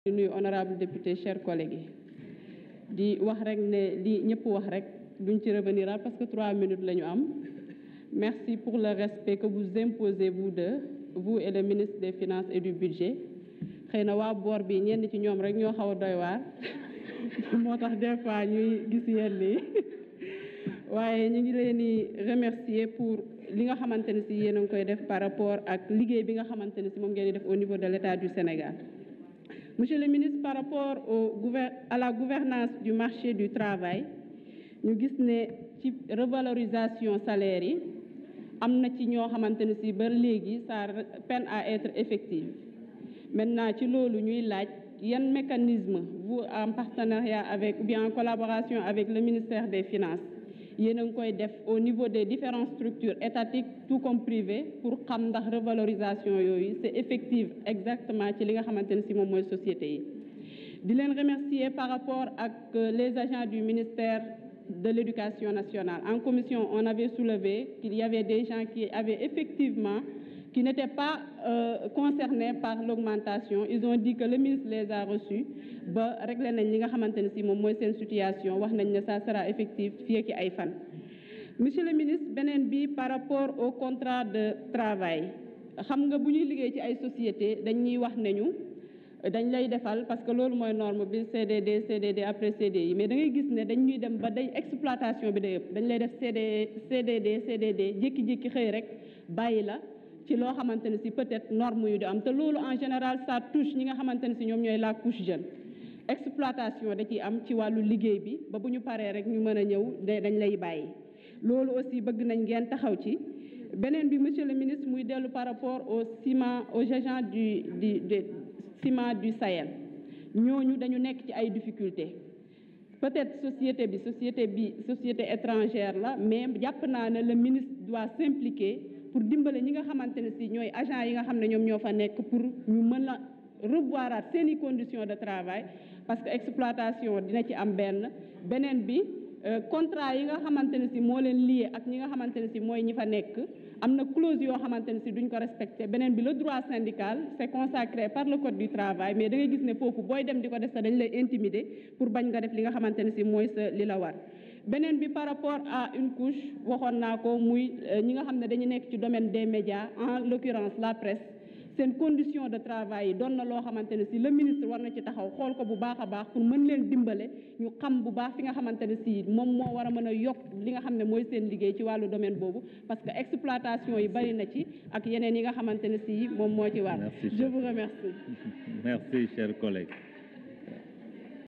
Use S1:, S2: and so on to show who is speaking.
S1: di nuyu honorable député chers collègues di wax rek ne li ñëpp wax rek duñ ci revenir ah, parce que trois minutes la ñu am merci pour la respect que vous imposez vous de vous et le ministre des finance et du budget xëy na waa boor bi ñenn ci ñoom rek ñoo xaw a doy waar moo tax des fois ñuy gis yenn yi waaye ñu ngi leen di remercier pour li nga xamante ne si yéen a ngi koy def par rapport ak liggéey bi nga xamante ne si moom ngeen def au niveau de l'État du Sénégal Monsieur le ministre par rapport au à la gouvernance du marché du travail ñu gis ne ci revalorisation salaire yi am na ci ñoo xamante ne si ba léegi ça peine à être effective maintenant ci loolu ñuy laaj yan mécanisme vous en partenariat avec ou bien en collaboration avec le ministère des Finances yéen a ngi koy def au niveau des différentes structures étatiques tout comme privées pour xam ndax revalorisation yooyu c'est effective exactement ci li nga xamante ne si moom mooy société yi di leen remercier par rapport ak euh, les agents du ministère de l'éducation nationale en commission on avait soulevé qu'il y avait des gens qui avaient effectivement qui n'étaient pas euh, par l'augmentation ils ont dit que le ministre les a reçus ba réglé nañ li nga xamante ne si moom mooy seen situation wax nañ ne sa sera effective fii ak ay fan monsieur le ministre beneen bi par rapport au contrat de travail xam nga bu ñuy liggéey ci ay société dañuy wax nañu dañ lay defal parce que loolu mooy norme bi CDD CDD après CDI mais da ngay gis ne dañ ñuy dem ba day bi day ëpp dañ lay def CD CDD CDD jékki-jékki xëy rek bàyyi la ci loo xamante ne si peut-être norme yu di am te loolu en général ça touche ñi nga xamante ne si ñoom ñooy la couche jeune exploitation da ci am ci wàllu liggéey bi ba bu ñu paree rek ñu mën a ñëw dañ lay bàyyi loolu aussi bëgg nañ ngeen taxaw ci beneen bi monsieur le ministre muy dellu par rapport au ciment aux agents du du du ciment du ñooñu dañu nekk ci ay difficultés peut-être société bi société bi société étrangère la mais jàpp naa ne le ministre doit s'impliquer pour dimbale ñi nga xamante ne si ñooy agent yi nga xam ne ñoom ñoo fa nekk pour ñu mën a revoiraat seen i conditions de travail parce que exploitation dina ci am benn beneen bi euh, contrat yi nga xamante ne si moo leen lié ak ñi nga xamante ne si mooy ñi fa nekk am na clause yoo xamante ne si duñ ko respecté beneen bi le droit syndical c' est consacré par le code du travail mais da gis ne foofu booy dem di ko def sax dañ lay intimider pour bañ nga def li nga xamante ne si mooy sa li la war beneen bi par rapport à une couche waxoon naa ko muy euh, ñi nga xam ne dañu nekk ci domaine des médias en l'occurrence la presse seen condition de travail yi doon na loo xamante ne si le ministre war na ci taxaw xool ko bu baax a baax pour mën leen dimbale ñu xam bu baax fi nga xamante ne si moom moo war a mën a yokk li nga xam ne mooy seen liggéey ci wàllu domaine boobu parce que exploitation yi bari na ci ak yeneen yi nga xamante ne si moom moo ci war je vous remercie merci chers